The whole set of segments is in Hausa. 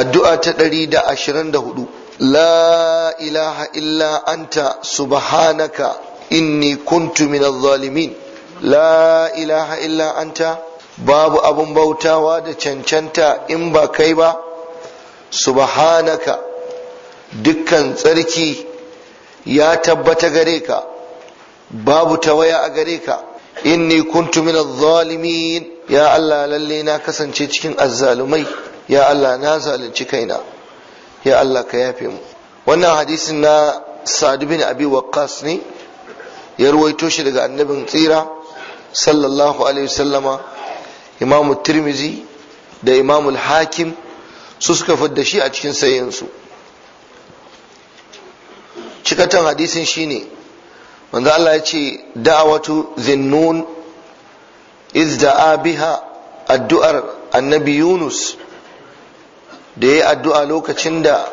addu'a ta 124 la ilaha illa anta subhanaka inni kuntu min zalimin la ilaha illa anta babu abun bautawa da cancanta in ba kai ba subhanaka dukkan tsarki ya tabbata gare ka babu tawaya a gare ka inni kuntu min zalimin ya Allah lalle na kasance cikin azzalumai ya Allah na zalunci kaina ya Allah ka yafe mu wannan hadisin na Sa'd bin Abi Waqqas ne ya ruwaito shi daga annabin tsira sallallahu alaihi wasallama imamu Tirmizi da Imamul Hakim su suka fadda shi a cikin sayensu cikatan hadisin shine manzo Allah ya ce da'awatu zinnun iz biha addu'ar annabi Yunus da ya addu'a lokacin da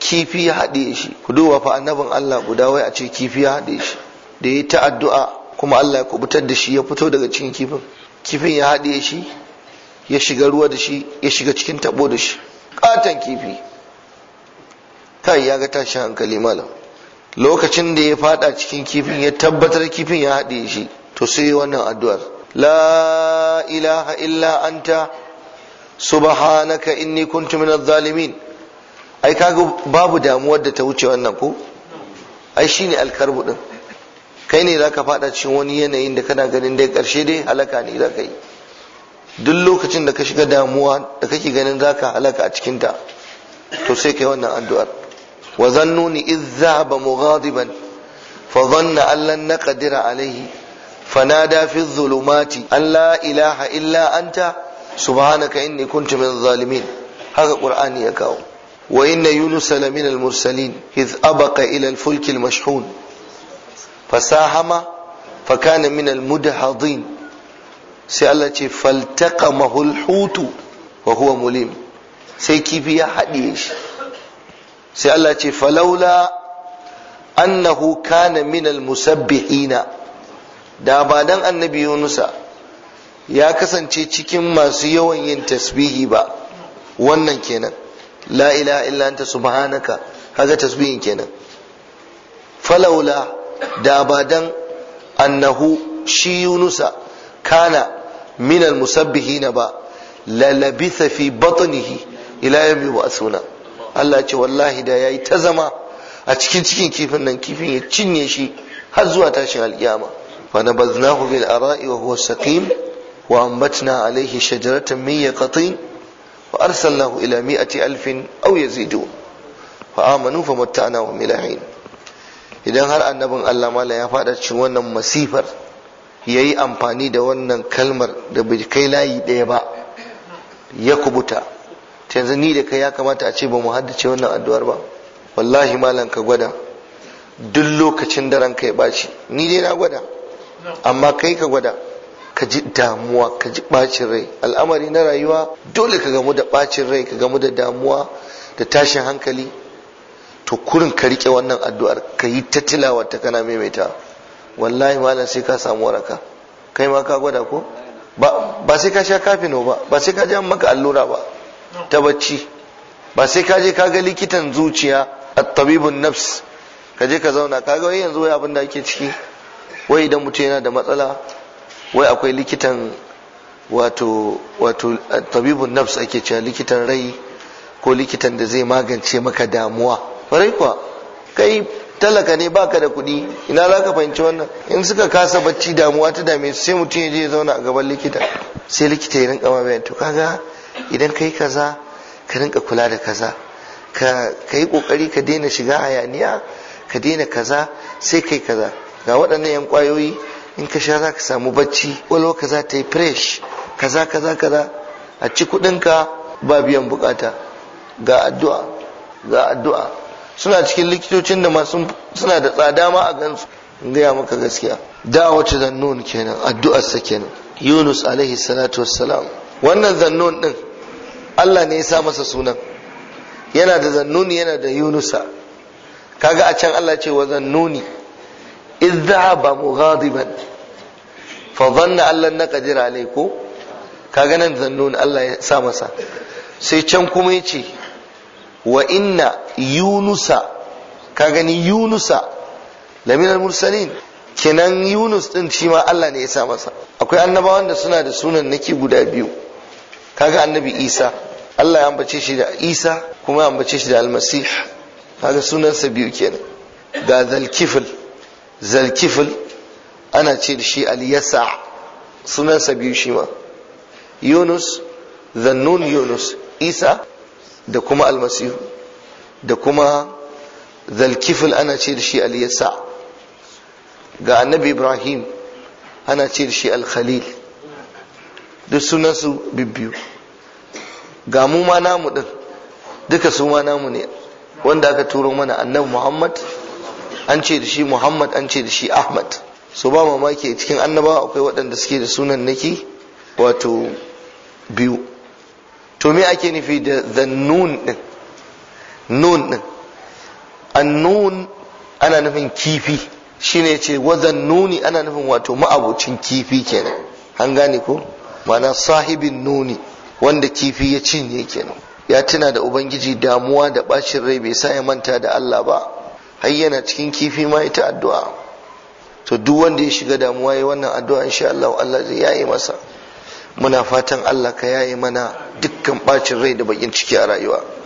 kifi ya haɗe shi ku duba fa annabin Allah guda wai a ce kifi ya haɗe shi da ya ta addu'a kuma Allah ya kubutar da shi ya fito daga cikin kifin kifin ya haɗe shi ya shiga ruwa da shi ya shiga cikin tabo da shi katon kifi kai ya ga tashi hankali malam lokacin da ya fada cikin kifin ya tabbatar kifin ya haɗe shi to sai wannan addu'ar la ilaha illa anta subhanaka inni kuntu minadh zalimin ai kaga babu damuwar da ta wuce wannan ko ai shine alkarbu din kai ne zaka fada cikin wani yanayin da kana ganin dai karshe dai halaka ne zaka yi duk lokacin da ka shiga damuwa da kake ganin zaka halaka a cikin ta to sai kai wannan addu'ar wa zannuni idh dhahaba mughadiban fa dhanna an lan naqdira alayhi fanada fi dhulumati an la ilaha illa anta subhanaka inni kuntu min zalimin haka qur'ani ya kawo wa inna yunus lamin al mursalin iz abaqa ila al fulk al mashhun fasahama fa kana min al mudhadin sai Allah ce faltaqamahu al hutu wa huwa mulim sai kifi ya haɗiye shi sai Allah ce falaula annahu kana min al musabbihina da ba dan annabi yunusa ya kasance cikin masu yawan yin tasbihi ba wannan kenan la ilaha illa anta subhanaka kaga tasbihin kenan falaula da ba dan annahu shi yunusa kana minal musabbihina ba labitha fi batnihi ila yawmi asuna? Allah ce wallahi da yayi ta zama a cikin cikin kifin nan kifin ya cinye shi har zuwa tashin alkiyama fa nabaznahu bil ara'i wa huwa saqim وأنبتنا عليه شجرة من يقطين وأرسلناه إلى مئة ألف أو يزيدون فآمنوا فمتعناهم إلى حين idan har annabin Allah mala ya faɗa cikin wannan masifar ya yi amfani da wannan kalmar da bai kai layi ɗaya ba ya kubuta yanzu ni da kai ya kamata a ce ba mu haddace wannan addu'ar ba wallahi malam ka gwada duk lokacin da ranka ya ɓaci ni dai na gwada amma kai ka gwada ka ji damuwa ka ji bacin rai al'amari na rayuwa dole ka gamu da bacin rai ka gamu da damuwa da tashin hankali to kurin ka rike wannan addu'ar ka yi ta tilawa ta kana maimaita wallahi malam sai ka samu waraka kai ma ka gwada ko ba sai ka sha kafino ba ba sai ka ji an maka allura ba ta bacci ba sai ka je ka ga likitan zuciya at-tabibun nafs ka je ka zauna ka ga yanzu wai abin da ake ciki wai idan mutum yana da matsala wai akwai likitan wato wato tabibun nafs ake cewa likitan rai ko likitan da zai magance maka damuwa rai kuwa kai talaka ne baka da kudi ina za ka fahimci wannan in suka kasa bacci damuwa ta dame su sai mutum ya je zauna a gaban likita sai likita ya rinka ma to kaga idan kai kaza ka rinka kula da kaza ka yi kokari ka daina shiga hayaniya ka daina kaza sai kai kaza ga waɗannan yan kwayoyi in ka sha za ka samu bacci ƙwaƙwalwa ka za ta yi fresh kaza kaza kaza a ci kuɗinka ba biyan bukata ga addu'a ga addu'a suna cikin likitocin da masu suna da tsada ma a gansu in gaya maka gaskiya Da wace zannun kenan sa kenan yunus alaihi salatu wassalam wannan zannun din Allah ne ya sa masa sunan yana da zannuni yana da yunusa kaga a can Allah ce wa zannuni إذ ذهب مغاضبا فظن أن لن نقدر عليكم كاغنا ظنون الله سامسا سيتشم كميتي وإن يونس كاغني يونس لمن المرسلين kenan Yunus din shi ma Allah ne ya sa masa akwai annabawan da suna da sunan nake guda biyu kaga annabi Isa Allah ya ambace shi da Isa kuma ya ambace shi da Almasih kaga sunansa biyu kenan ga Zalkifil zalkifil ana ce da shi aliyasa yasa sunansa biyu shi ma yunus zannun yunus isa da kuma almasihu da kuma zalkifil ana ce da shi aliyasa ga annabi ibrahim ana ce da shi al-khalil duk sunansu bibbiyu ga mu ma namu din duka su ma namu ne wanda aka turo mana annabi muhammad an ce da shi muhammad an ce da shi ahmad so ba mamaki cikin annaba akwai waɗanda suke da sunan naki wato biyu to me ake nufi da the nun din nun din nun ana nufin kifi shine ce wazan nuni ana nufin wato ma'abocin kifi kenan an gane ko mana sahibin nuni wanda kifi ya cinye kenan ya tuna da ubangiji damuwa da bacin rai bai sa ya manta da Allah ba har yana cikin kifi ma ita addu'a to duk wanda ya shiga damuwa ya wannan addu'a insha Allah Allah zai yayi masa muna fatan Allah ka yayi mana dukkan bacin rai da bakin ciki a rayuwa